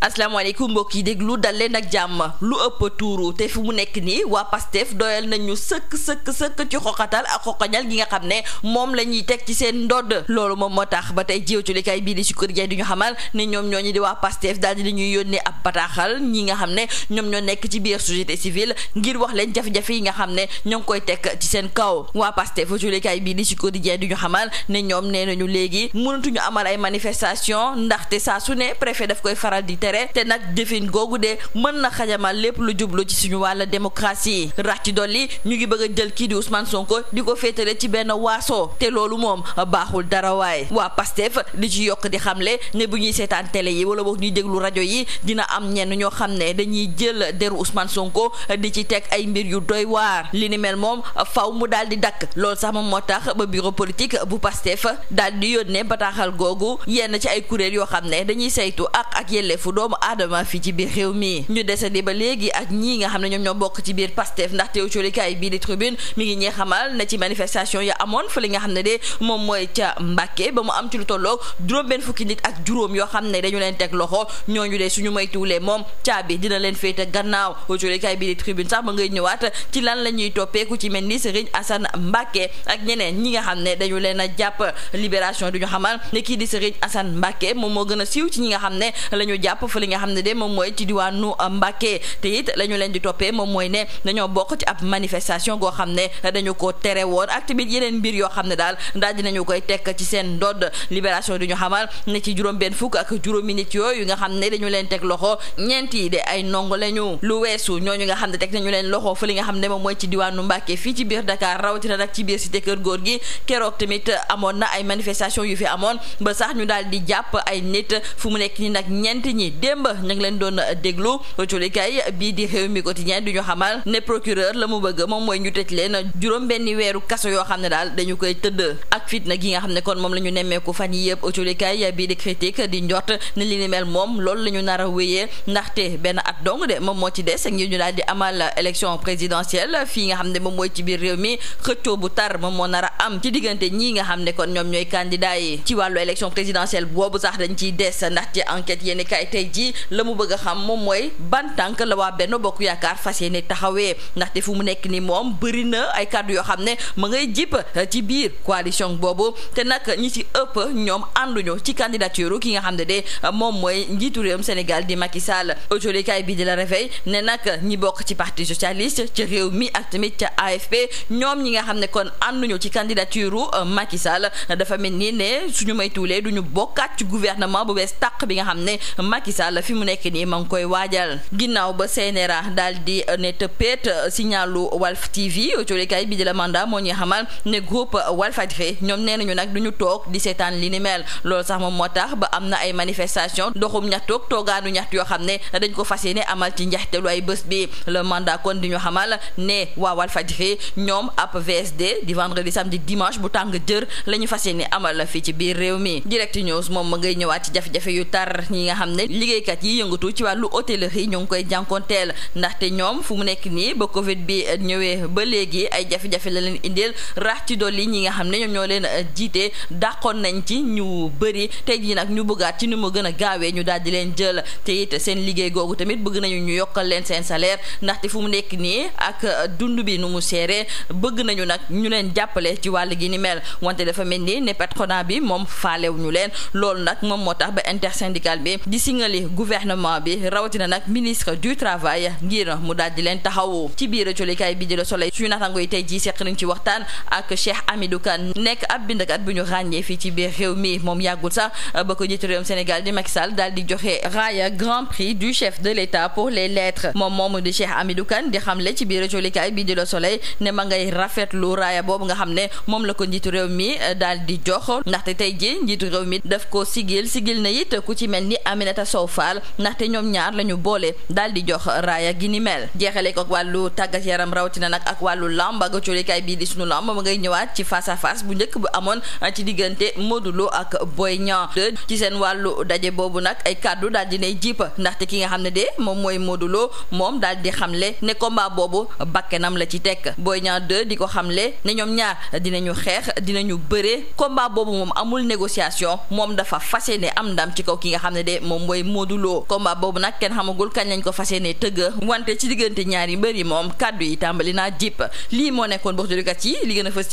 asalaamaaleykum mbokk yi déglu dal leen ak jàmm lu ëpp tuuru te fi mu nekk nii waa Pastef doyal nañu sëkk sëkk sëkk ci xoqatal ak xoqañal gi nga xam ne moom la ñuy teg ci seen ndodd loolu moom moo tax ba tey jiw ci likaay bii di Sud Quotidien di ñu xamal ne ñoom ñoo ñi di waa Pastef daal di ñuy yónnee ab bataaxal ñi nga xam ne ñoom ñoo nekk ci biir société civile ngir wax leen jafe-jafe yi nga xam ne ñoo ngi koy teg ci seen kaw waa Pastef ci likaay bii di Sud Quotidien di ñu xamal ne ñoom nee nañu léegi mënatuñu amal ay manifestation ndaxte saa su ne préfet daf koy faral di tere te nag jëfin googu de mën na xajamal lépp lu jublu ci suñu wàll démocratie rax ci dolli ñu ngi bëgg a jël kii di Sonko di ko féetale ci benn waaso te loolu moom baaxul dara waaye waa fa di ci yokk di xamle ne bu ñuy seetaan télé yi wala boog ñuy déglu rajo yi dina am ñenn ñoo xam ne dañuy jël deru Ousmane Sonko di ci teg ay mbir yu doy waar li ni mel moom faw mu daal di dakk loolu sax ma moo tax ba bureau politique bu Pastef daal di yónn bataaxal googu yenn ci ay kuréel yoo xam ne dañuy saytu ak ak yelleefu doomu aadama fii ci biir réew mi ñu dese di ba léegi ak ñii nga xam ne ñoom ñoo bokk ci biir Pastef ndax teew colikaay bii di tribune mi ngi ñee xamal ne ci manifestation ya amoon fa li nga xam ne de moom mooy ca Mbàkke ba mu am ci lu ak juróom yoo xam ne dañu leen teg loxo ñooñu de suñu moytuwulee moom caabi dina leen féete gannaaw colikaay bii di tribune sax ma ngay ñëwaat ci lan la ñuy toppeeku ci mel ni Serigne Assane Mbàkke ak ñeneen ñi nga xam ne dañu leen a jàpp libération duñu xamal ne kii di Serigne Assane Mbàkke moom moo gën a siiw ci ñi nga xam ne la jàpp fële nga xam ne de moom mooy ci diwaanu euh, Mbàkke te it la ñu leen di toppee moom mooy ne dañoo bokk ci ab manifestation goo xam ne dañu ko tere woon ak tamit yeneen mbir yoo xam ne daal daal dinañu koy tekk ci seen ndodd libération di ñu xamal ne ci juróom benn fukk ak juróomi nit yooyu nga xam ne dañu leen teg loxo ñeent yi de ay ndongo lañu lu weesu ñooñu nga xam ne teg nañu leen loxo fële nga xam ne moom mooy ci diwaanu Mbàkke fii ci biir Dakar rawatina nag ci biir cité kër góor gi keroog tamit amoon na ay manifestation yu fi amoon ba sax ñu daal di jàpp ay nit fu mu nekk ni nag ñeent ñi démb ñu ngi leen doon déglu culikay bii di réew mi quotidien du xamal ne procureur la mu bëgg moom mooy ñu tëj leen juróom benn weeru kaso yoo xam ne daal dañu koy tëdd ak fitna gi nga xam ne kon moom la ñu nemmeeku fan yi yëpp culikay bii di critique di ni mel moom loolu la ñu nar a wéyee ndaxte benn at dong de moom moo ci des ngir ñu di amal élection présidentielle fii nga xam ne moom mooy ci biir réew mi xëccoo bu tar moom moo nar am ci diggante ñii nga xam ne kon ñoom ñooy candidat yi ci wàllu élection présidentielle boobu sax dañ ciy des ndax enquête yéen kay tey tey la mu bëgg a xam moom mooy ban tànk la waa benn Bokk Yaakaar fas ne taxawee ndaxte fu mu nekk ni moom bëri na ay kàddu yoo xam ne mu ngay jip eh, ci biir coalition boobu te nag ñi si ëpp ñoom ànduñu ci candidature ki nga xam ne de eh, moom mooy njiitu réewum Sénégal di Macky Sall autolikaay bi di la réveil ne nag ñi bokk ci parti socialiste ci réew mi ak tamit ca ñoom ñi nga xam ne kon ànduñu ci candidature eh, Macky Sall dafa mel ni ne suñu may tuulee duñu bokkaat ci gouvernement bu bees tàq bi nga xam ne Macky Sall fi mu nekk nii ma ngi koy waajal ginnaaw ba CNRA daal di euh, ne tëppeet euh, signalu Walf TV coolikaay bi di la mandat moo ñuy xamal ne groupe Walfadjri ñoom nee nañu nag du ñu toog di seetaan li ni mel lool sax moom moo tax ba am na ay manifestation doxum ñaxtoog toogaanu ñaxtu yoo xam ne dañ ko fas yéene amal ci njaxteelu ay bés bi le mandat kon di ñu xamal ne waa Walfadjri ñoom ab VSD di vendredi samedi dimanche bu tàng jër lañu ñu fas yéene amal fii ci biir réew mi direct news moom ma ngay ñëwaat ci jafe-jafe liggéeykat yi yëngatu ci wàllu hôtellerie ñu ngi koy jànkonteel ndaxte ñoom fu mu nekk nii ba Covid bi ñëwee ba léegi ay jafe-jafe la leen indil rax ci dolli ñi nga xam ne ñoom ñoo leen jiite dàqoon nañ ci ñu bëri tey jii nag ñu bëggaat ci ni mu gën a gaawee ñu daal di leen jël te it seen liggéey googu tamit bëgg nañu ñu yokkal leen seen salaire ndaxte fu mu nekk nii ak dund bi nu mu seeree bëgg nañu nag ñu leen jàppale ci wàll gi ni mel wante dafa mel ni ne patronat bi moom faalewu leen loolu nag moom moo tax ba jottali gouvernement bi rawatina nag ministre du travail ngir mu daal di leen taxawu ci biir colikaay bi di Le Soleil suñu naataango yi tey jii seq nañ ci waxtaan ak Cheikh Hamidou Kane nekk ab bindkat bu ñu ràññee fii ci biir réew mi moom yàggul sax ba ko njiitu di Macky Sall daal di joxe raaya grand prix du chef de l'État pour les lettres moom moomu di Cheikh Hamidou Kane di xamle ci biir bi di Le Soleil ne ma ngay rafetlu raaya nga xam ne moom la ko njiitu réew mi daal di jox ndaxte tey jii njiitu réew mi daf ko sigil sigil na it ku ci mel ni Aminata Sow Sow Fall ndaxte ñoom ñaar la ñu boole daal di jox raaya gi ni mel jeexale ko ak wàllu tàggat yaram rawatina nag ak wàllu lamb ak coolikaay bii di sunu lamb ma ngay ñëwaat ci face à face bu njëkk bu amoon ci diggante Modou ak Boy Niang ci seen wàllu daje boobu nag ay kàddu daal di nay jiip ndaxte ki nga xam ne de moom mooy Modou moom daal di xamle ne combat boobu bakkenam la ci tekk Boy Niang 2 di ko xamle ne ñoom ñaar dinañu xeex dinañu bëree combat boobu moom amul Modou Lo combat boobu nag kenn xamagul kañ lañ ko fas yéene tëgg a fës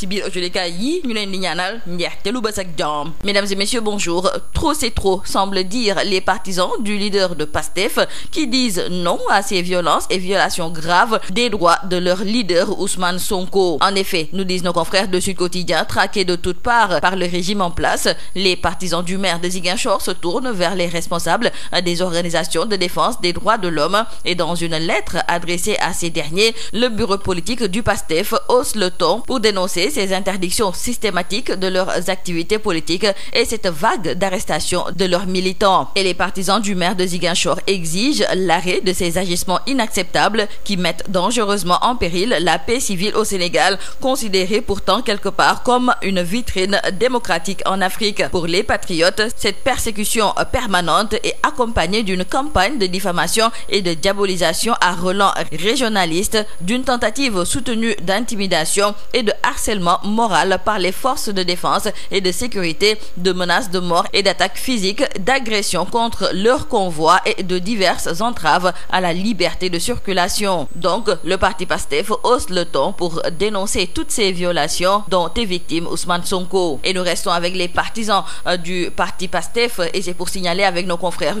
mesdames et messieurs bonjour trop c'est trop semble dire les partisans du leader de PASTEF qui disent non à ces violences et violations graves des droits de leur leader Ousmane Sonko en effet nous disent nos confrères de Sud Quotidien traqués de toutes parts par le régime en place les partisans du maire de Ziguinchor se tournent vers les responsables Euh, des organisations de défense des droits de l'homme et dans une lettre adressée à ces derniers, le bureau politique du PASTEF hausse le ton pour dénoncer ces interdictions systématiques de leurs activités politiques et cette vague d'arrestations de leurs militants. Et les partisans du maire de Ziguinchor exigent l'arrêt de ces agissements inacceptables qui mettent dangereusement en péril la paix civile au Sénégal, considérée pourtant quelque part accompagné d'une campagne de diffamation et de diabolisation à relents régionalistes, d'une tentative soutenue d'intimidation et de harcèlement moral par les forces de défense et de sécurité, de menaces de mort et d'attaques physiques, d'agressions contre leur convoi et de diverses entraves à la liberté de circulation. Donc, le parti PASTEF hausse le ton pour dénoncer toutes ces violations dont est victime Ousmane Sonko. Et nous restons avec les partisans euh, du parti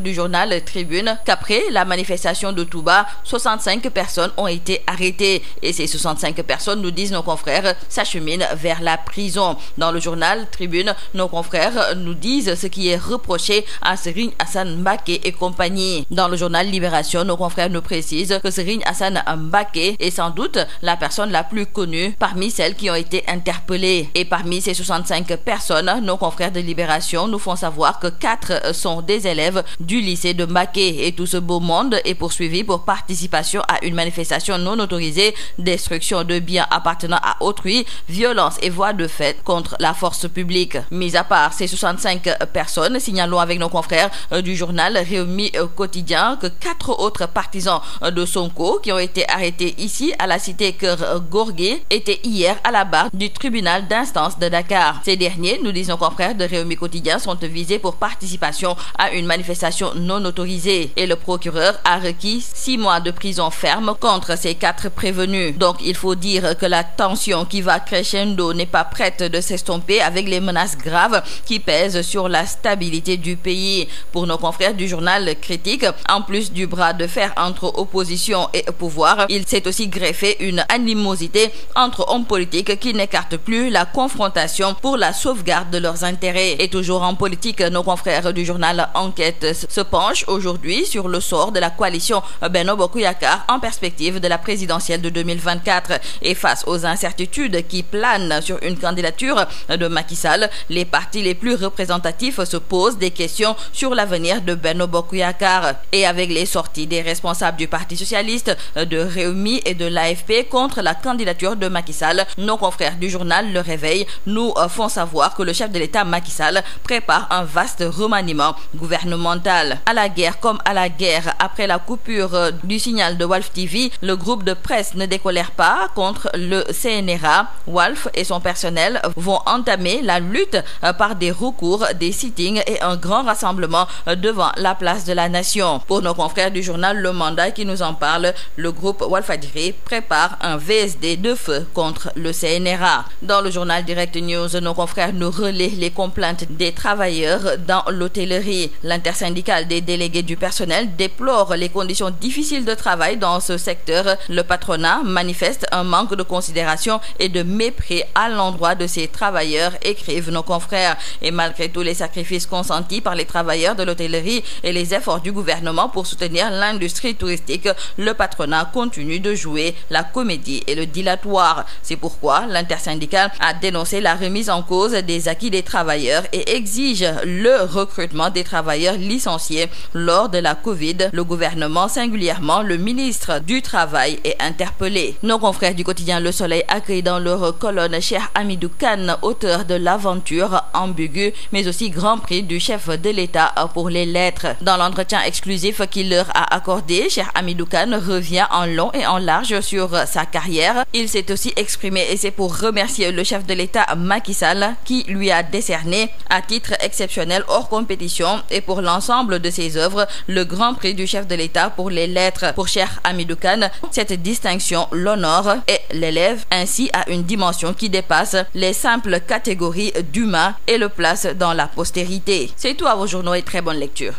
du journal Tribune qu'après la manifestation de Touba, 65 personnes ont été arrêtées et ces 65 personnes, nous disent nos confrères, s'acheminent vers la prison. Dans le journal Tribune, nos confrères nous disent ce qui est reproché à Serigne Hassan Mbacké et compagnie. Dans le journal Libération, nos confrères nous précisent que Serigne Hassan Mbacké est sans doute la personne la plus connue parmi celles qui ont été interpellées. Et du lycée de Mbacké et tout ce beau monde est poursuivi pour participation à une manifestation non autorisée, destruction de biens appartenant à autrui, violence et voies de fait contre la force publique. Mis à part ces 65 personnes, signalons avec nos confrères du journal Rewmi Quotidien que quatre autres partisans de Sonko qui ont été arrêtés ici à la cité Keur Gorgui étaient hier à la barre du tribunal d'instance de Dakar. Ces derniers, nous disent détention non autorisée et le procureur a requis six mois de prison ferme contre ces quatre prévenus. Donc il faut dire que la tension qui va crescendo n'est pas prête de s'estomper avec les menaces graves qui pèsent sur la stabilité du pays. Pour nos confrères du journal Critique, en plus du bras de fer entre opposition et pouvoir, il s'est aussi greffé une animosité entre hommes politiques qui n'écartent plus la confrontation pour la sauvegarde de leurs intérêts. se penche aujourd'hui sur le sort de la coalition Benno Bokk Yakaar en perspective de la présidentielle de 2024 et face aux incertitudes qui planent sur une candidature de Macky les partis les plus représentatifs se posent des questions sur l'avenir de Benno Bokk Yakaar et avec les sorties des responsables du Parti socialiste, de Rewmi et de l'AFP contre la candidature de Macky Sall, nos confrères du journal Le Réveil nous font savoir que le chef de l'État Macky Sall Sénégal à la guerre comme à la guerre après la coupure euh, du signal de Walf TV, le groupe de presse ne décolère pas contre le CNRA. Walf et son personnel vont entamer la lutte euh, par des recours, des sittings et un grand rassemblement euh, devant la place de la Nation. Pour nos confrères du journal Le Mandat qui nous en parle, le groupe Walfadjri prépare un VSD de feu contre le CNRA. Dans le journal Direct News, nos confrères nous relaient les complaintes des travailleurs syndicale des délégués du personnel déplore les conditions difficiles de travail dans ce secteur. Le patronat manifeste un manque de considération et de mépris à l'endroit de ses travailleurs, écrivent nos confrères. Et malgré tous les sacrifices consentis par les travailleurs de l'hôtellerie et les efforts du gouvernement pour soutenir l'industrie touristique, le patronat continue de jouer la comédie et le dilatoire. C'est pourquoi l'intersyndicale a dénoncé licenciés lors de la Covid. Le gouvernement, singulièrement le ministre du Travail, est interpellé. Nos confrères du quotidien Le Soleil accueillent dans leur colonne Cheikh Hamidou Kane, auteur de L'Aventure ambiguë, mais aussi Grand Prix du chef de l'État pour les lettres. Dans l'entretien exclusif qu'il leur a accordé, Cheikh Hamidou Kane revient en long et en large sur sa carrière. Il s'est aussi exprimé et c'est pour remercier le chef de l'État Macky qui lui a décerné l'ensemble de ses œuvres le Grand Prix du chef de l'État pour les lettres pour Cheikh Hamidou Kane. Cette distinction l'honore et l'élève ainsi à une dimension qui dépasse les simples catégories d'humains et le place dans la postérité. C'est tout à vos journaux et très bonne lecture.